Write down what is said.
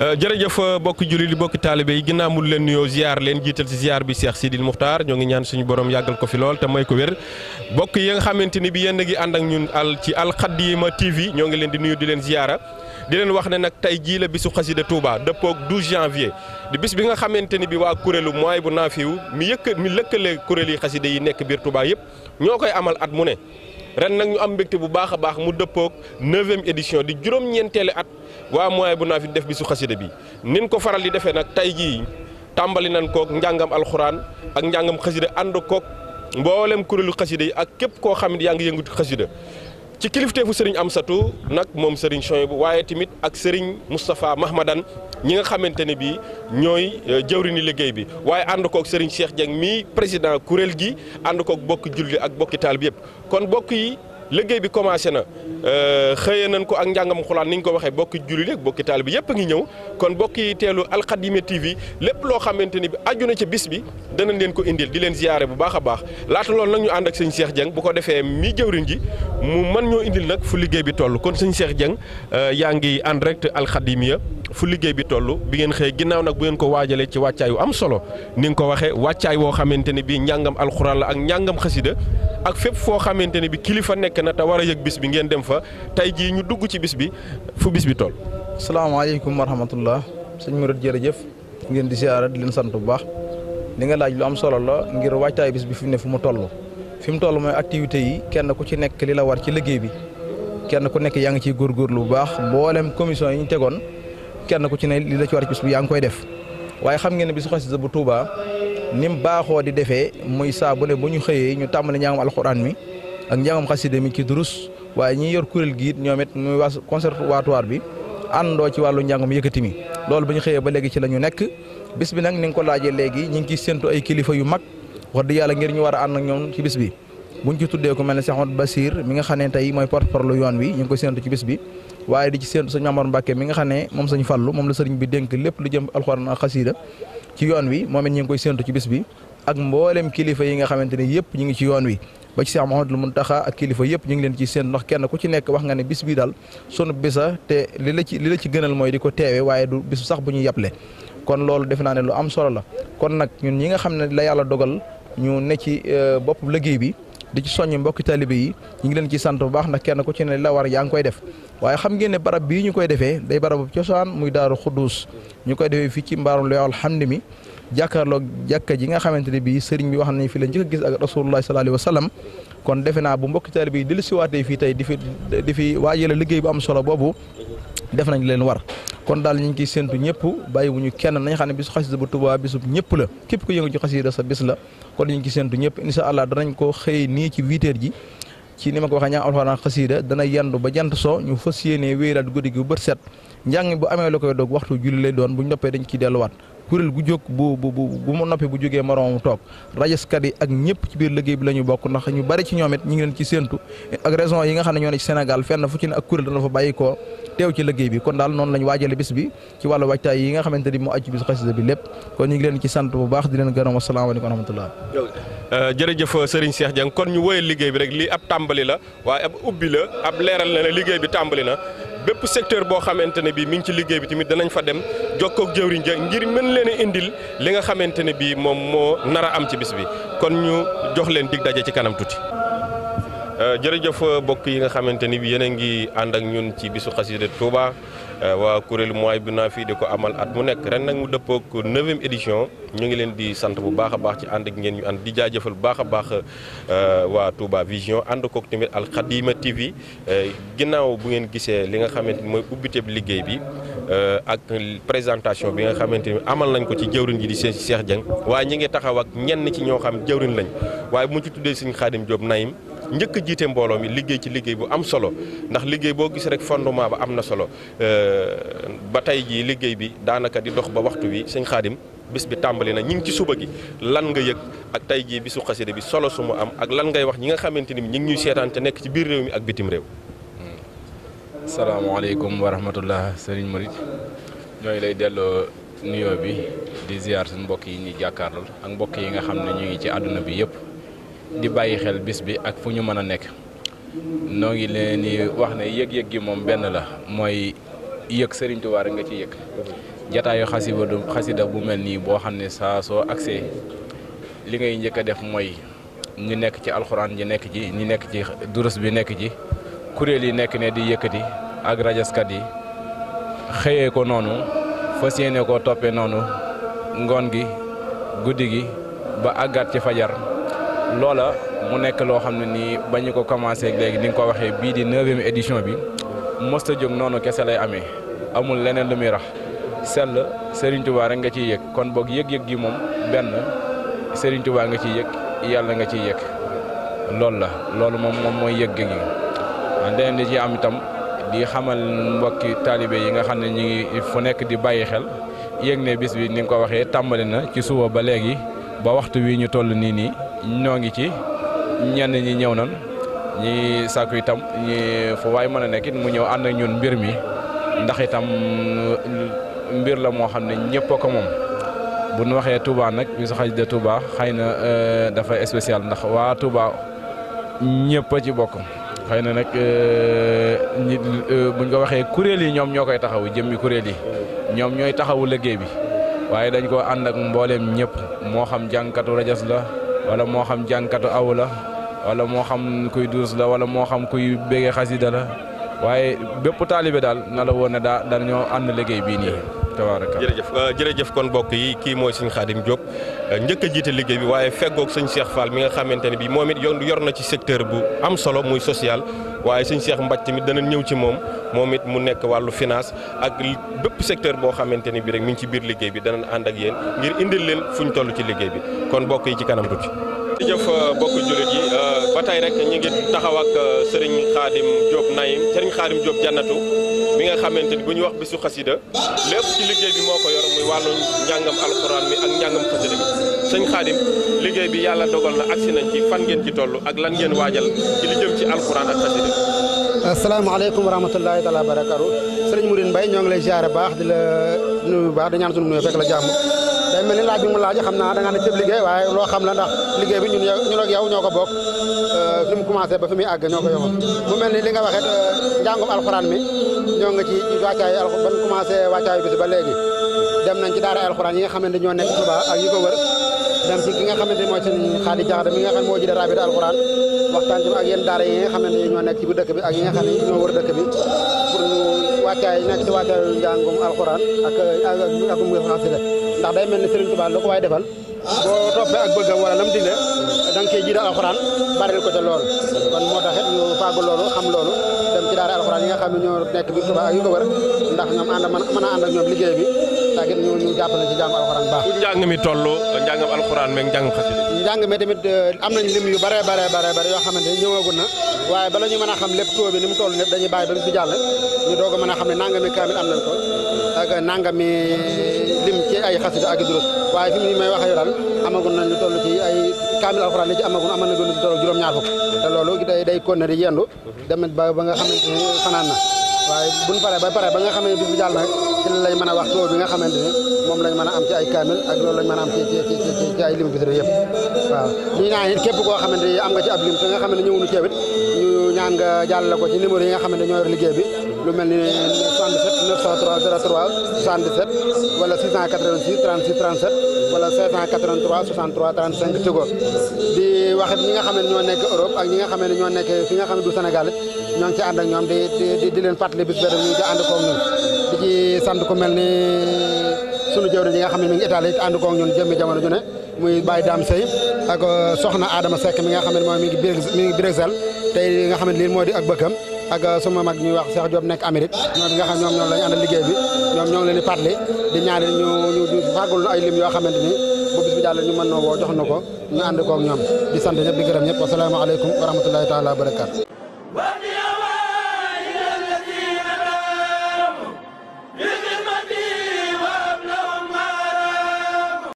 Euh, jërëjëf euh, bokki julli li bokki taalibe yi ginnaaw mu leen nuyoo ziar leen jiital si ziar bi Cheikh Sidil Muxtaar ñoo ngi ñaan suñu borom yàggal ko fi lool te may ko wér bokk yi nga xamante ni bi yéen a àndak ñun al ci Al Khadima TV ñoo ngi leen di nuyu di leen ziara di leen wax ne nag tey jii la bisu xasida Touba dëppoog 12 janvier di bis bi nga xamante ni bi waa kuréelu mooy bu naafiwu mi yëkk mi lëkkale kuréel yi xasida yi nekk biir Touba yëpp ñoo koy amal at mu ne ren nag ñu am mbégte bu baax a baax mu dëppoog neuvième édition di juróom-ñeenteeli at waa mooy bu naafi def bisu xasida bi nin ko faral di defee nag tey jii tàmbali nañ koog njàngam alxuraan ak njàngam xasida ànd koog mboolem kuréelu xasida yi ak képp koo xam ne yaa ngi yëngu xasida ci kilifteefu Serigne Amsatou nag moom Serigne bu waaye tamit ak Serigne Moustapha Mahmadan ñi nga xamante ne bii ñooy euh, jëwriñu liggéey bi waaye ànd koog Serigne Cheikh Dieng mii président kuréel gi ànd koog bokk julli ak bokki taal bi yëpp kon bokk yi liggéey bi commencé na. Euh, xëyee nañ ko ak njàngam xulaan ni ñu ko waxee bokki jullit ak bokki taalibe bi yëpp a ngi ñëw kon bokki teelu Alxadime TV lépp loo xamante ni bi aju na ca bis bi danañ leen ko indil di leen ziyaare bu baax a baax laata loolu nag ñu ànd ak sëñ Cheikh Dieng bu ko defee mi jëwriñ ji mu mën ñoo indil nag fu liggéey bi toll kon sëñ Cheikh Dieng euh, yaa ngi en direct Alxadimiya fu liggéey bi toll bi ngeen xëy ginnaaw nag bu ngeen ko waajalee ci wàccaay wu am solo ni nga ko waxee wàccaay woo xamante ne bii njàngam alxuraan la ak njàngam xasida ak fépp foo xamante ne bi kilifa nekk na te war a yëg bis bi ngeen dem fa tey ji ñu dugg ci bis bi fu bis bi toll. salaamaaleykum wa rahmatullah sëñ Mouride jëf ngeen di ziara di leen sant bu baax li nga laaj lu am solo la ngir wàccaay bis bi fi mu ne fu mu toll fi mu toll mooy activités yi kenn ku ci nekk li la war ci liggéey bi kenn ku nekk yaa ngi ciy góorgóorlu bu baax mboolem commission yi ñu tegoon kenn ku ci ne li la ci war ci bis bi yaa ngi koy def waaye xam ngeen ne bisu xasida bu Touba ni mu baaxoo di defee muy saa bu ne bu ñu xëyee ñu tàmbali njàngam alxuraan mi ak njàngam xasida mi ci durus waaye ñi yor kuréel gi it ñoom it muy was conservatoire bi àndoo ci wàllu njàngam yëkkati mi loolu bu ñu xëyee ba léegi ci la ñu nekk bis bi nag ni nga ko laajee léegi ñu ngi ciy séntu ay kilifa yu mag wax dëgg yàlla ngir ñu war a ànd ak ñoom ci bis bi buñ ci tuddee ku mel ne Cheikh Basir mi nga xam ne tey mooy porte-parole yoon wi ñu ngi ko séntu ci bis bi waaye di ci séentu sëñ Maamor Mbàkke mi nga xam ne moom sëñ Fallu moom la sëriñ bi dénk lépp lu jëm alxuraan a xasiida ci yoon wi moom it ñu ngi koy séentu ci bis bi ak mboolem kilifa yi nga xamante ne yëpp ñu ngi ci yoon wi ba ci Cheikh Mouhamadoul Mountakha ak kilifa yëpp ñu ngi leen ci séentu ndax kenn ku ci nekk wax nga ne bis bii daal sunu bisa te li la ci li la ci gënal mooy di ko teewe waaye du bis sax bu ñuy yàppale kon loolu defe naa ne lu am solo la kon nag ñun ñi nga xam ne la yàlla dogal ñu ne ci euh, bopp liggéey bi di ci soññ mbokki taalibe yi ñu ngi leen ci sant bu baax ndax kenn ku ci ne la war yaa ngi koy def waaye xam ngeen ne barab bii ñu koy defee day barabu cosaan muy daaru xudduus ñu koy defee fii ci mbaarum Loyaal Hamdi mi jàkkaarloog jàkka ji nga xamante ne bii sëriñ bi wax nañ fi la njëkk a gis ak rasulullah sallallahu alayhi wa sallam kon defe naa bu mbokki taalibe yi dellusiwaatee fii tey di fi di fi waajale liggéey bu am solo boobu def nañ leen war kon daal ñu ngi ciy séntu ñëpp bàyyi wu ñu kenn nañ xam ne bisu xasida bu Tuubaa bisub ñëpp la képp ku yëngu ci xasida sa bis la kon ñu ngi ciy séntu ñëpp incha allah danañ ko xëyee nii ci 8 heures ji ci ni ma ko waxee ñaam alxuraan xasida dana yendu ba jant soo ñu fas yéenee wéyalaat guddi gi bu bët set njàng bu amee lu koy doog waxtu julli lay doon bu ñu noppee dañ ciy delluwaat kuréel gu jóg bu bu bu mu noppee bu jógee moroom toog rajaskat ak ñëpp ci biir liggéey bi la ñu bokk ndax ñu bari ci ñoom it ñu ngi leen ci séentu ak raison yi nga xam ne ñoo ne ci Sénégal fenn fu ci ne ak kuréel dana fa bàyyi ko teew ci liggéey bi kon daal noonu lañ waajale bis bi ci wàllu waajtaay yi nga xamante ni moo aju bis xasida bi lépp kon ñu ngi leen ci sant bu baax di leen gërëm wasalaamaaleykum wa euh, euh, la bépp secteur boo xamante ne bii mi ngi ci liggéey bi tamit danañ fa dem jokkoog jëwriñ ja ngir mën leen indil li nga xamante ne bii moom moo nar a am ci bis bi kon ñu jox leen dig daje ci kanam tuuti. Euh, jërëjëf euh, mbokk yi nga xamante ni bi yéen a ngi ànd ak ñun ci bisu xasida Touba euh, waa kuréelu mooy bi naa fii di ko amal at mu nekk ren nag mu dëppook neuvième édition ñu ngi leen di sant bu baax a baax ci ànd ak ngeen ñu ànd di jaajëfal bu baax a baax waa Touba Vision ànd kook tamit Al Khadima TV ginnaaw bu ngeen gisee li nga xamante ni mooy ubbiteeb liggéey bi ak présentation bi nga xamante ni amal nañ ko ci jëwriñ ji di Cheikh jëng waaye ñu ngi taxaw ak ñenn ci ñoo xam jëwriñ lañ waaye mu ci tuddee Serigne Khadim Diop Naim njëkk jiite mbooloo mi liggéey ci liggéey bu am solo ndax liggéey boo gis rek fondement ba am na solo euh, ba tey jii liggéey bi daanaka di dox ba waxtu wi sëñ Xaadim bis bi tàmbali na ñi ngi ci suba gi lan nga yëg ak tey jii bisu xasida bi solo su mu am ak lan ngay wax ñi nga xamante ni ñi ngi ñuy seetaan te nekk ci biir réew mi ak bitim réew. salaamaaleykum wa rahmatullah Serigne Mouride ñooy lay delloo nuyoo bi di ziar suñu mbokk yi ñuy jàkkaarlool ak mbokk yi nga xam ne ñu ci àdduna bi yëpp. di bàyyi xel bis bi ak fu ñu mën a nekk noo ngi leen di wax ne yëg-yëg gi moom benn la mooy yëg Serigne Touba rek nga ci yëg jataayu xasida du xasida bu mel nii boo xam ne saa soo agsee li ngay njëkk a def mooy ñu nekk ci alxuraan ji nekk ci ñi nekk ci durus bi nekk ci kuréel yi nekk ne di yëkkati ak rajaskat yi xëyee ko noonu fas yéene ko toppee noonu ngoon gi guddi gi ba àggaat ci fajar loola mu nekk loo xam ne nii ba ñu ko commencé léegi ni nga ko waxee bii di neuvième édition bi mosta jóg noonu kese lay amee amul leneen lu muy rax sell Serigne Touba rek nga ciy yéeg kon boog yëg-yëg gi moom benn Serigne Touba nga ciy yëg yàlla nga ciy yëg loolu la loolu moom moom mooy yëg-yëg yi deneen di ci am itam di xamal mbokki taalibe yi nga xam ne ñu ngi fu nekk di bàyyi xel yëg ne bis bi ni nga ko waxee tàmbali na ci suba ba léegi ba waxtu wi ñu toll nii nii ñoo ngi ci ñenn ñi ñëw nan ñi sàkku itam ñi fu waay mën a nekkit mu ñëw ànd ak ñun mbir mi ndax itam mbir la moo xam ne ñëpp a ko moom bu ñu waxee Touba nag bisu xasida Touba xay na euh, dafa spécial ndax waa Touba ñëpp a ci bokk xëy na nag nit euh, euh, buñ ko waxee kuréel yi ñoom ñoo koy taxawu jëmmi kuréel yi ñoom ñooy taxawu liggéey bi waaye dañ ko ànd ak mbooleem ñëpp moo xam jànkatu rajas la wala moo xam jànkatu aw la wala moo xam kuy duus la wala moo xam kuy bége xasida la waaye bépp taalibe daal na la woon ne daa dañoo ànd liggéey bii nii tabaaraka jërëjëf euh, jërëjëf kon mbokk yi kii mooy sëñ Xaadim Diop euh, njëkk a jiite liggéey bi waaye feggoog sëñ Cheikh Fall mi nga xamante ne bi moom it yor na ci secteur bu am solo muy social waaye sëñ Cheikh Mbaj tamit dana ñëw ci moom moom it mu nekk wàllu finance ak bépp secteur boo xamante ne bi rek mi ci biir liggéey bi danañ ànd ak yéen ngir indil leen fuñ toll ci liggéey bi kon bokk yi ci kanam tuuti jërëjëf mbokk euh, jullit yi euh, ba tey rek ñu ngi taxaw ak euh, sëriñ xaadim Diop Naim sëriñ Khadim Job jannatu mi nga xamante ni bu ñu wax bisu xasida lépp ci liggéey bi moo ko yor muy wàllu njàngam alxuraan mi ak njàngam xasida bi sëñ xaadim liggéey bi yàlla dogal na agsi nañ ci fan ngeen ci toll ak lan ngeen waajal ci li jëm ci alxuraan ak xasida asalaamaaleykum wa rahmatullahi taala barakatuh. barakaatu sëriñ Mourine Mbaye ñoo ngi lay ziare baax di la nuyu baax di ñaan sunu nuyu fekk la jàmm mel ni laaj bi mu xam naa da nga ne cëb liggéey waaye loo xam la ndax liggéey bi ñun ñun ak yow ñoo ko bokk fi euh, mu commencé ba fi muy àgg ñoo ko yomb mu mel ni li nga waxee euh, njàngum alxuraan mi ñoo nga ci wàccaayu alxuraan ban commencé wàccaayu bis ba léegi dem nañ ci daara alxuraan yi nga xamante ñoo nekk Touba ak yi ko wër dem ci ki nga xamante mooy seen xaadi jaxate mi nga xam moo jiite rabita alxuraan waxtaan ci ak yéen daara yi nga xamante ñoo nekk ci bi dëkk bi ak yi nga xam ne ñoo wër dëkk bi wàccaay nekk ci wàccaayu njàngum alxuraan ak ak ak mu xasida ndax day mel ni Serigne Touba lu ko waay defal boo toppee ak bëggam wala lam digle da ke koy jiital alxuraan baril ko ca loolu kon moo tax ñu faagu loolu xam loolu dem ci daara alxuraan yi nga xam ñoo nekk biir Touba ak yu ndax ñoom ànd mën a ànd ak ñoom liggéey bi saagit ñu ñu jàppale ci jàngu alxuraan baax njàng mi toll njàngam alxuraan meeg njàng xasida njàng mi tamit eh, am nañ lim yu bare bare bare bare yoo xamante ni ñëwagul na waaye bala ñu mën a xam lépp taux bi ni mu toll lépp dañuy bàyyi ba mu fi jàll ñu doog a mën a xam ne nangami kaamil am nañ ko ak lim ci ay xasida ak durus waaye fi mu may wax ak yow daal amagun nañ lu toll ci ay kaamil alxuraan li ci amagun amal na gën lu toll juróom-ñaar fukk te loolu day day kon di yendu mhm. demet ba ba nga xam ni fanaan waaye bu ñu paree ba pare ba nga xamee bis bi jàll nag ci lañ mën a wax taux bi nga xamante ne moom lañ mën a am ci ay kaamil ak loolu lañ mën a am ci ci ci ci ay limu bisri yëpp waaw ñu ñaan it képp koo ni am nga ci ab lim te nga xam ne ñëwunu ceebit ñu ñaan nga jàll ko ci numéro yi nga xamante ñoo yor liggéey bi lu mel ni 77 903 03 77 wala 686 36 37 wala 783 63 35 Tigo di wax ñi nga xam ne ñoo nekk Europe ak ñi nga xam ne ñoo nekk fi nga xam du Sénégal ñoo ngi ci ànd ak ñoom di di di leen fàttali bis bee ñu di ànd koog di ci sant ku mel ni sunu jëwriñ yi nga xam ne mi ngi Italie ànd koog ñun jëmmi jamono ju ne muy Baye Dame Seye ak euh, soxna Adama Seck mi nga xam ne moom mi ngi mi ngi Bruxelles tey nga xam ne lii moo di ak bëkkam ak euh, suma mag ñuy wax Cheikh Diop nekk Amérique ñoom nga xam ñoom ñoom lañu àndal liggéey bi ñoom ñoo leen di fàttali di ñaari ñu ñu ñu ay lim yoo xamante bu bis bi jàll ñu mën noo jox na ko ñu ànd koog ñoom di sant ñëpp di gërëm ñëpp wasalaamaaleykum wa rahmatullahi taala wa